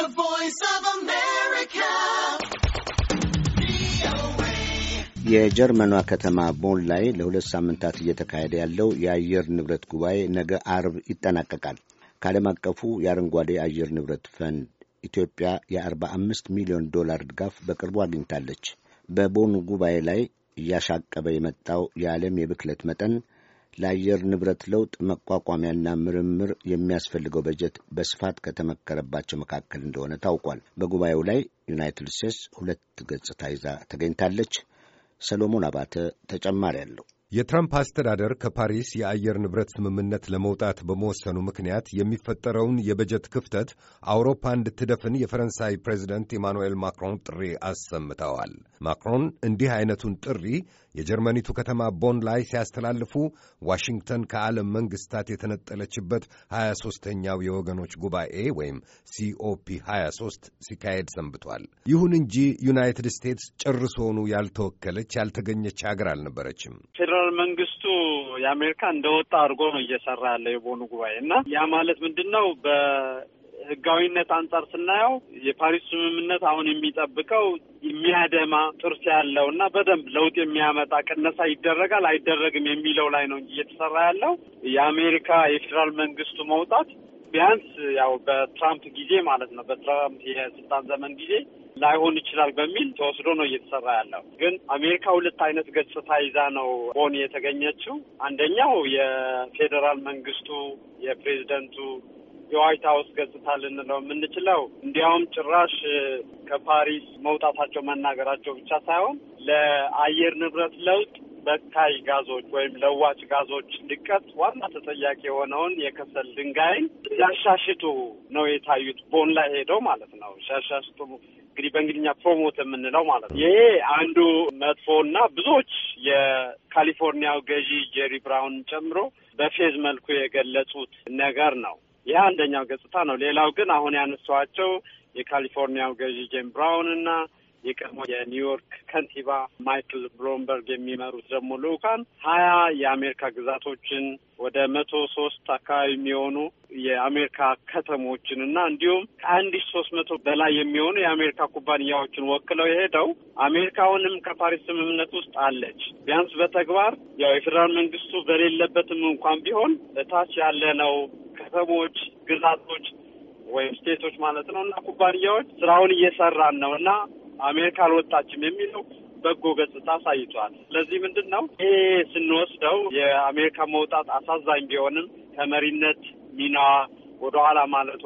The Voice of America. የጀርመኗ ከተማ ቦን ላይ ለሁለት ሳምንታት እየተካሄደ ያለው የአየር ንብረት ጉባኤ ነገ አርብ ይጠናቀቃል። ከዓለም አቀፉ የአረንጓዴ አየር ንብረት ፈንድ ኢትዮጵያ የ45 ሚሊዮን ዶላር ድጋፍ በቅርቡ አግኝታለች። በቦን ጉባኤ ላይ እያሻቀበ የመጣው የዓለም የብክለት መጠን ለአየር ንብረት ለውጥ መቋቋሚያና ምርምር የሚያስፈልገው በጀት በስፋት ከተመከረባቸው መካከል እንደሆነ ታውቋል። በጉባኤው ላይ ዩናይትድ ስቴትስ ሁለት ገጽታ ይዛ ተገኝታለች። ሰሎሞን አባተ ተጨማሪ አለው። የትራምፕ አስተዳደር ከፓሪስ የአየር ንብረት ስምምነት ለመውጣት በመወሰኑ ምክንያት የሚፈጠረውን የበጀት ክፍተት አውሮፓ እንድትደፍን የፈረንሳይ ፕሬዚደንት ኢማኑኤል ማክሮን ጥሪ አሰምተዋል። ማክሮን እንዲህ አይነቱን ጥሪ የጀርመኒቱ ከተማ ቦን ላይ ሲያስተላልፉ ዋሽንግተን ከዓለም መንግስታት የተነጠለችበት 23 ተኛው የወገኖች ጉባኤ ወይም ሲኦፒ 23 ሲካሄድ ሰንብቷል። ይሁን እንጂ ዩናይትድ ስቴትስ ጭርሶኑ ያልተወከለች ያልተገኘች አገር አልነበረችም። ፌዴራል መንግስቱ የአሜሪካ እንደወጣ አድርጎ ነው እየሰራ ያለ የቦኑ ጉባኤ እና ያ ማለት ምንድን ነው ህጋዊነት አንጻር ስናየው የፓሪስ ስምምነት አሁን የሚጠብቀው የሚያደማ ጥርስ ያለው እና በደንብ ለውጥ የሚያመጣ ቅነሳ ይደረጋል አይደረግም የሚለው ላይ ነው እየተሰራ ያለው የአሜሪካ የፌዴራል መንግስቱ መውጣት ቢያንስ ያው በትራምፕ ጊዜ ማለት ነው በትራምፕ የስልጣን ዘመን ጊዜ ላይሆን ይችላል በሚል ተወስዶ ነው እየተሰራ ያለው። ግን አሜሪካ ሁለት አይነት ገጽታ ይዛ ነው ቦን የተገኘችው። አንደኛው የፌዴራል መንግስቱ የፕሬዚደንቱ የዋይት ሀውስ ገጽታ ልንለው የምንችለው እንዲያውም ጭራሽ ከፓሪስ መውጣታቸው መናገራቸው ብቻ ሳይሆን ለአየር ንብረት ለውጥ በካይ ጋዞች ወይም ለዋጭ ጋዞች ልቀት ዋና ተጠያቂ የሆነውን የከሰል ድንጋይን ሲያሻሽቱ ነው የታዩት። ቦን ላይ ሄደው ማለት ነው ሲያሻሽቱ እንግዲህ በእንግሊኛ ፕሮሞት የምንለው ማለት ነው። ይሄ አንዱ እና ብዙዎች የካሊፎርኒያው ገዢ ጄሪ ብራውን ጨምሮ በፌዝ መልኩ የገለጹት ነገር ነው። ይህ አንደኛው ገጽታ ነው። ሌላው ግን አሁን ያነሷቸው የካሊፎርኒያው ገዢ ጄም ብራውን እና የቀድሞ የኒውዮርክ ከንቲባ ማይክል ብሎምበርግ የሚመሩት ደግሞ ልዑካን ሀያ የአሜሪካ ግዛቶችን ወደ መቶ ሶስት አካባቢ የሚሆኑ የአሜሪካ ከተሞችን እና እንዲሁም ከአንድ ሺ ሶስት መቶ በላይ የሚሆኑ የአሜሪካ ኩባንያዎችን ወክለው የሄደው አሜሪካውንም ከፓሪስ ስምምነት ውስጥ አለች ቢያንስ በተግባር ያው የፌዴራል መንግስቱ በሌለበትም እንኳን ቢሆን እታች ያለ ነው ከተሞች፣ ግዛቶች ወይም ስቴቶች ማለት ነው እና ኩባንያዎች ስራውን እየሰራን ነው እና አሜሪካ አልወጣችም የሚለው በጎ ገጽታ አሳይቷል። ስለዚህ ምንድን ነው ይሄ ስንወስደው የአሜሪካ መውጣት አሳዛኝ ቢሆንም ከመሪነት ሚናዋ ወደኋላ ማለቷ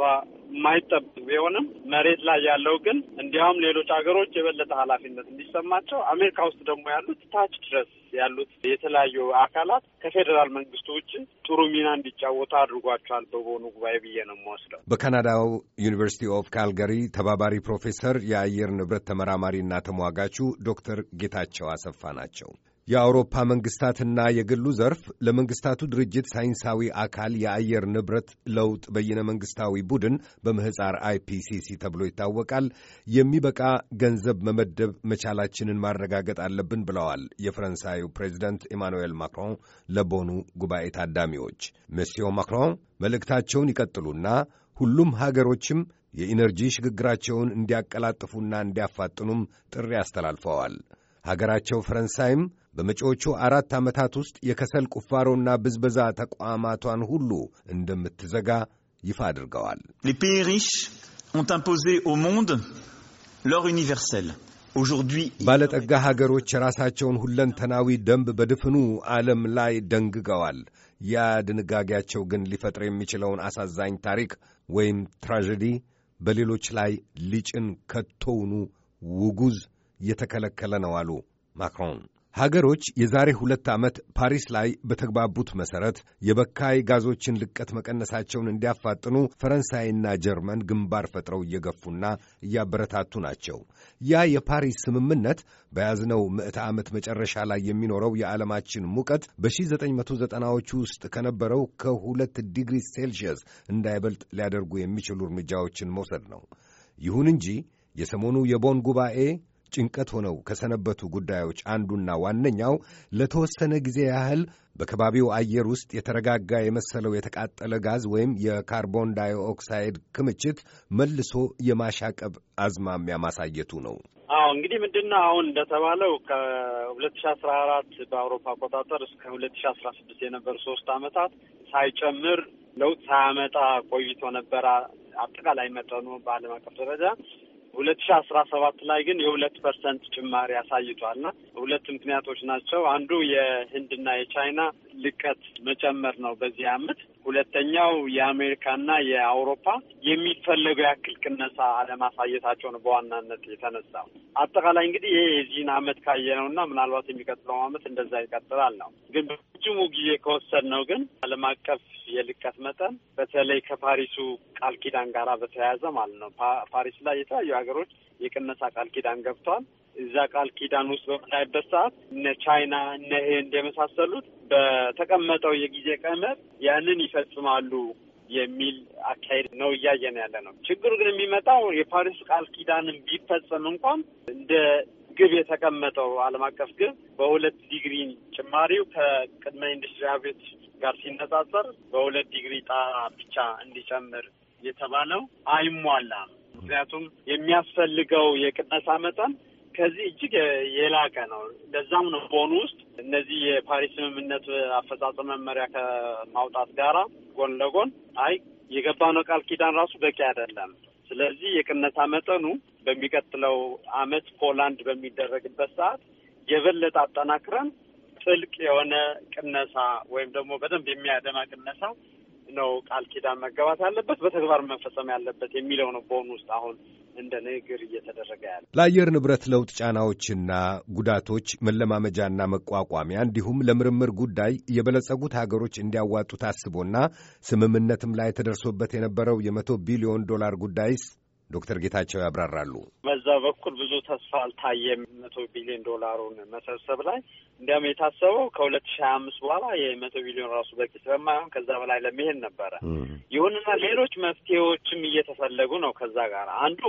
የማይጠበቅ ቢሆንም መሬት ላይ ያለው ግን እንዲያውም ሌሎች ሀገሮች የበለጠ ኃላፊነት እንዲሰማቸው አሜሪካ ውስጥ ደግሞ ያሉት ታች ድረስ ያሉት የተለያዩ አካላት ከፌዴራል መንግስቱ ውጭ ጥሩ ሚና እንዲጫወቱ አድርጓቸዋል በቦኑ ጉባኤ ብዬ ነው የምወስደው። በካናዳው ዩኒቨርሲቲ ኦፍ ካልጋሪ ተባባሪ ፕሮፌሰር የአየር ንብረት ተመራማሪና ተሟጋቹ ዶክተር ጌታቸው አሰፋ ናቸው። የአውሮፓ መንግስታትና የግሉ ዘርፍ ለመንግስታቱ ድርጅት ሳይንሳዊ አካል የአየር ንብረት ለውጥ በይነ መንግስታዊ ቡድን በምህፃር አይፒሲሲ ተብሎ ይታወቃል የሚበቃ ገንዘብ መመደብ መቻላችንን ማረጋገጥ አለብን ብለዋል የፈረንሳዩ ፕሬዚደንት ኢማኑኤል ማክሮን ለቦኑ ጉባኤ ታዳሚዎች። መስዮ ማክሮን መልእክታቸውን ይቀጥሉና ሁሉም ሀገሮችም የኢነርጂ ሽግግራቸውን እንዲያቀላጥፉና እንዲያፋጥኑም ጥሪ አስተላልፈዋል። ሀገራቸው ፈረንሳይም በመጪዎቹ አራት ዓመታት ውስጥ የከሰል ቁፋሮና ብዝበዛ ተቋማቷን ሁሉ እንደምትዘጋ ይፋ አድርገዋል። ባለጠጋ ሀገሮች የራሳቸውን ሁለንተናዊ ደንብ በድፍኑ ዓለም ላይ ደንግገዋል። ያ ድንጋጌያቸው ግን ሊፈጥር የሚችለውን አሳዛኝ ታሪክ ወይም ትራጀዲ በሌሎች ላይ ሊጭን ከቶውኑ ውጉዝ የተከለከለ ነው አሉ ማክሮን። ሀገሮች የዛሬ ሁለት ዓመት ፓሪስ ላይ በተግባቡት መሠረት የበካይ ጋዞችን ልቀት መቀነሳቸውን እንዲያፋጥኑ ፈረንሳይና ጀርመን ግንባር ፈጥረው እየገፉና እያበረታቱ ናቸው። ያ የፓሪስ ስምምነት በያዝነው ምዕተ ዓመት መጨረሻ ላይ የሚኖረው የዓለማችን ሙቀት በ1990ዎቹ ውስጥ ከነበረው ከሁለት ዲግሪ ሴልሺየስ እንዳይበልጥ ሊያደርጉ የሚችሉ እርምጃዎችን መውሰድ ነው። ይሁን እንጂ የሰሞኑ የቦን ጉባኤ ጭንቀት ሆነው ከሰነበቱ ጉዳዮች አንዱና ዋነኛው ለተወሰነ ጊዜ ያህል በከባቢው አየር ውስጥ የተረጋጋ የመሰለው የተቃጠለ ጋዝ ወይም የካርቦን ዳይኦክሳይድ ክምችት መልሶ የማሻቀብ አዝማሚያ ማሳየቱ ነው። አዎ እንግዲህ ምንድን ነው አሁን እንደተባለው ከሁለት ሺ አስራ አራት በአውሮፓ አቆጣጠር እስከ ሁለት ሺ አስራ ስድስት የነበሩ ሶስት አመታት ሳይጨምር ለውጥ ሳያመጣ ቆይቶ ነበረ። አጠቃላይ መጠኑ በዓለም አቀፍ ደረጃ ሁለት ሺ አስራ ሰባት ላይ ግን የሁለት ፐርሰንት ጭማሪ አሳይቷልና ሁለት ምክንያቶች ናቸው። አንዱ የህንድና የቻይና ልቀት መጨመር ነው በዚህ አመት ሁለተኛው የአሜሪካና የአውሮፓ የሚፈለገው ያክል ቅነሳ አለማሳየታቸው በዋናነት የተነሳው። አጠቃላይ እንግዲህ ይሄ የዚህን አመት ካየ ነው እና ምናልባት የሚቀጥለው አመት እንደዛ ይቀጥላል ነው። ግን በጅሙ ጊዜ ከወሰድ ነው ግን አለም አቀፍ የልቀት መጠን በተለይ ከፓሪሱ ቃል ኪዳን ጋራ በተያያዘ ማለት ነው ፓሪስ ላይ የተለያዩ ሀገሮች የቅነሳ ቃል ኪዳን ገብቷል። እዛ ቃል ኪዳን ውስጥ በምናይበት ሰዓት እነ ቻይና እነ ህንድ የመሳሰሉት በተቀመጠው የጊዜ ቀመር ያንን ይፈጽማሉ የሚል አካሄድ ነው እያየን ያለ ነው። ችግሩ ግን የሚመጣው የፓሪስ ቃል ኪዳንን ቢፈጽም እንኳን እንደ ግብ የተቀመጠው ዓለም አቀፍ ግብ በሁለት ዲግሪ ጭማሪው ከቅድመ ኢንዱስትሪ አብዮት ጋር ሲነጻጸር በሁለት ዲግሪ ጣራ ብቻ እንዲጨምር የተባለው አይሟላም። ምክንያቱም የሚያስፈልገው የቅነሳ መጠን ከዚህ እጅግ የላቀ ነው። ለዛም ነው ቦን ውስጥ እነዚህ የፓሪስ ስምምነት አፈጻጸም መመሪያ ከማውጣት ጋራ ጎን ለጎን አይ የገባነው ቃል ኪዳን ራሱ በቂ አይደለም። ስለዚህ የቅነሳ መጠኑ በሚቀጥለው አመት ፖላንድ በሚደረግበት ሰዓት የበለጠ አጠናክረን ጥልቅ የሆነ ቅነሳ ወይም ደግሞ በደንብ የሚያደማ ቅነሳ ነው ቃል ኪዳን መገባት አለበት፣ በተግባር መፈጸም ያለበት የሚለው ነው። በሆኑ ውስጥ አሁን እንደ ንግግር እየተደረገ ያለ ለአየር ንብረት ለውጥ ጫናዎችና ጉዳቶች መለማመጃና መቋቋሚያ እንዲሁም ለምርምር ጉዳይ የበለጸጉት ሀገሮች እንዲያዋጡ ታስቦና ስምምነትም ላይ ተደርሶበት የነበረው የመቶ ቢሊዮን ዶላር ጉዳይስ ዶክተር ጌታቸው ያብራራሉ። በዛ በኩል ብዙ ተስፋ አልታየም። መቶ ቢሊዮን ዶላሩን መሰብሰብ ላይ እንዲያውም የታሰበው ከሁለት ሺ ሀያ አምስት በኋላ የመቶ ቢሊዮን ራሱ በቂ ስለማይሆን ከዛ በላይ ለመሄድ ነበረ። ይሁንና ሌሎች መፍትሄዎችም እየተፈለጉ ነው። ከዛ ጋር አንዱ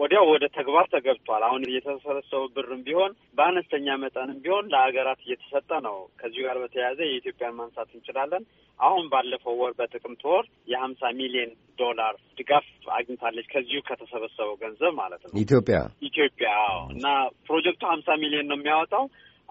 ወዲያው ወደ ተግባር ተገብቷል። አሁን የተሰበሰበው ብርም ቢሆን በአነስተኛ መጠንም ቢሆን ለሀገራት እየተሰጠ ነው። ከዚሁ ጋር በተያያዘ የኢትዮጵያን ማንሳት እንችላለን። አሁን ባለፈው ወር በጥቅምት ወር የሀምሳ ሚሊዮን ዶላር ድጋፍ አግኝታለች። ከዚሁ ከተሰበሰበው ገንዘብ ማለት ነው ኢትዮጵያ ኢትዮጵያ እና ፕሮጀክቱ ሀምሳ ሚሊዮን ነው የሚያወጣው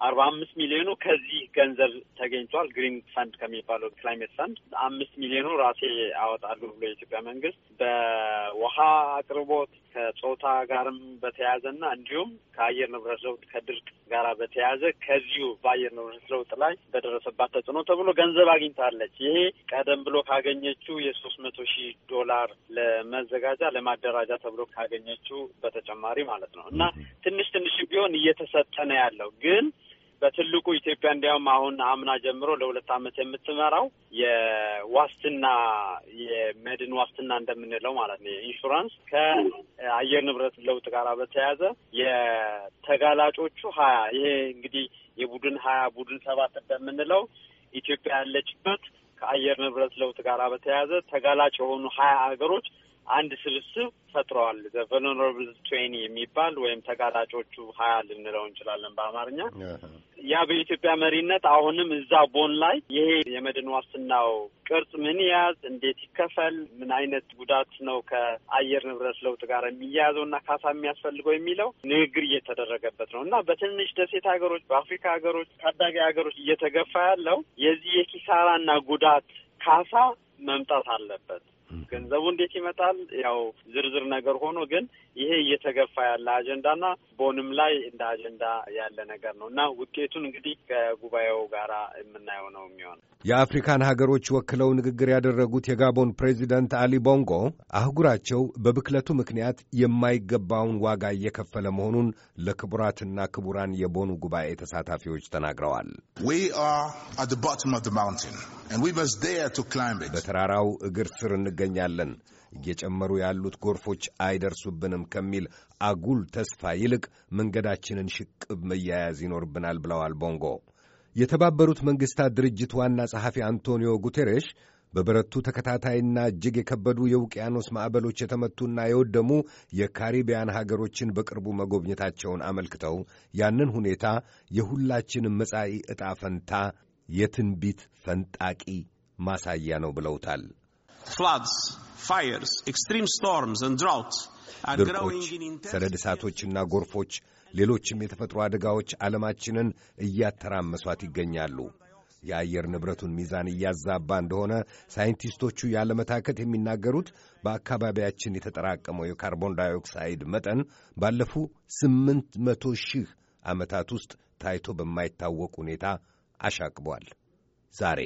አርባ አምስት ሚሊዮኑ ከዚህ ገንዘብ ተገኝቷል። ግሪን ፈንድ ከሚባለው ክላይሜት ፈንድ አምስት ሚሊዮኑ ራሴ አወጣሉ ብሎ የኢትዮጵያ መንግስት በውሃ አቅርቦት ከጾታ ጋርም በተያያዘና እንዲሁም ከአየር ንብረት ለውጥ ከድርቅ ጋር በተያያዘ ከዚሁ በአየር ንብረት ለውጥ ላይ በደረሰባት ተጽዕኖ ተብሎ ገንዘብ አግኝታለች። ይሄ ቀደም ብሎ ካገኘችው የሶስት መቶ ሺህ ዶላር ለመዘጋጃ ለማደራጃ ተብሎ ካገኘችው በተጨማሪ ማለት ነው እና ትንሽ ትንሽ ቢሆን እየተሰጠ ነው ያለው ግን በትልቁ ኢትዮጵያ እንዲያውም አሁን አምና ጀምሮ ለሁለት ዓመት የምትመራው የዋስትና የመድን ዋስትና እንደምንለው ማለት ነው የኢንሹራንስ ከአየር ንብረት ለውጥ ጋር በተያያዘ የተጋላጮቹ ሀያ ይሄ እንግዲህ የቡድን ሀያ ቡድን ሰባት እንደምንለው ኢትዮጵያ ያለችበት ከአየር ንብረት ለውጥ ጋር በተያያዘ ተጋላጭ የሆኑ ሀያ ሀገሮች አንድ ስብስብ ፈጥረዋል። ቨልነራብል ትሬኒ የሚባል ወይም ተጋላጮቹ ሀያ ልንለው እንችላለን በአማርኛ። ያ በኢትዮጵያ መሪነት አሁንም እዛ ቦን ላይ ይሄ የመድን ዋስትናው ቅርጽ ምን ያዝ፣ እንዴት ይከፈል፣ ምን አይነት ጉዳት ነው ከአየር ንብረት ለውጥ ጋር የሚያያዘው እና ካሳ የሚያስፈልገው የሚለው ንግግር እየተደረገበት ነው እና በትንሽ ደሴት ሀገሮች፣ በአፍሪካ ሀገሮች፣ ታዳጊ ሀገሮች እየተገፋ ያለው የዚህ የኪሳራና ጉዳት ካሳ መምጣት አለበት። ገንዘቡ እንዴት ይመጣል? ያው ዝርዝር ነገር ሆኖ ግን ይሄ እየተገፋ ያለ አጀንዳና ቦንም ላይ እንደ አጀንዳ ያለ ነገር ነው እና ውጤቱን እንግዲህ ከጉባኤው ጋር የምናየው ነው የሚሆነው። የአፍሪካን ሀገሮች ወክለው ንግግር ያደረጉት የጋቦን ፕሬዚደንት አሊ ቦንጎ አህጉራቸው በብክለቱ ምክንያት የማይገባውን ዋጋ እየከፈለ መሆኑን ለክቡራትና ክቡራን የቦኑ ጉባኤ ተሳታፊዎች ተናግረዋል። በተራራው እግር ስር እንገኛለን እንገኛለን። እየጨመሩ ያሉት ጎርፎች አይደርሱብንም ከሚል አጉል ተስፋ ይልቅ መንገዳችንን ሽቅብ መያያዝ ይኖርብናል ብለዋል ቦንጎ። የተባበሩት መንግሥታት ድርጅት ዋና ጸሐፊ አንቶኒዮ ጉቴሬሽ በበረቱ ተከታታይና እጅግ የከበዱ የውቅያኖስ ማዕበሎች የተመቱና የወደሙ የካሪቢያን ሀገሮችን በቅርቡ መጎብኘታቸውን አመልክተው ያንን ሁኔታ የሁላችንም መጻኢ ዕጣ ፈንታ የትንቢት ፈንጣቂ ማሳያ ነው ብለውታል። floods, fires, extreme storms and ድርቆች፣ ሰደድ እሳቶችና ጎርፎች፣ ሌሎችም የተፈጥሮ አደጋዎች ዓለማችንን እያተራመሷት ይገኛሉ። የአየር ንብረቱን ሚዛን እያዛባ እንደሆነ ሳይንቲስቶቹ ያለመታከት የሚናገሩት በአካባቢያችን የተጠራቀመው የካርቦን ዳይኦክሳይድ መጠን ባለፉ ስምንት መቶ ሺህ ዓመታት ውስጥ ታይቶ በማይታወቅ ሁኔታ አሻቅቧል። ዛሬ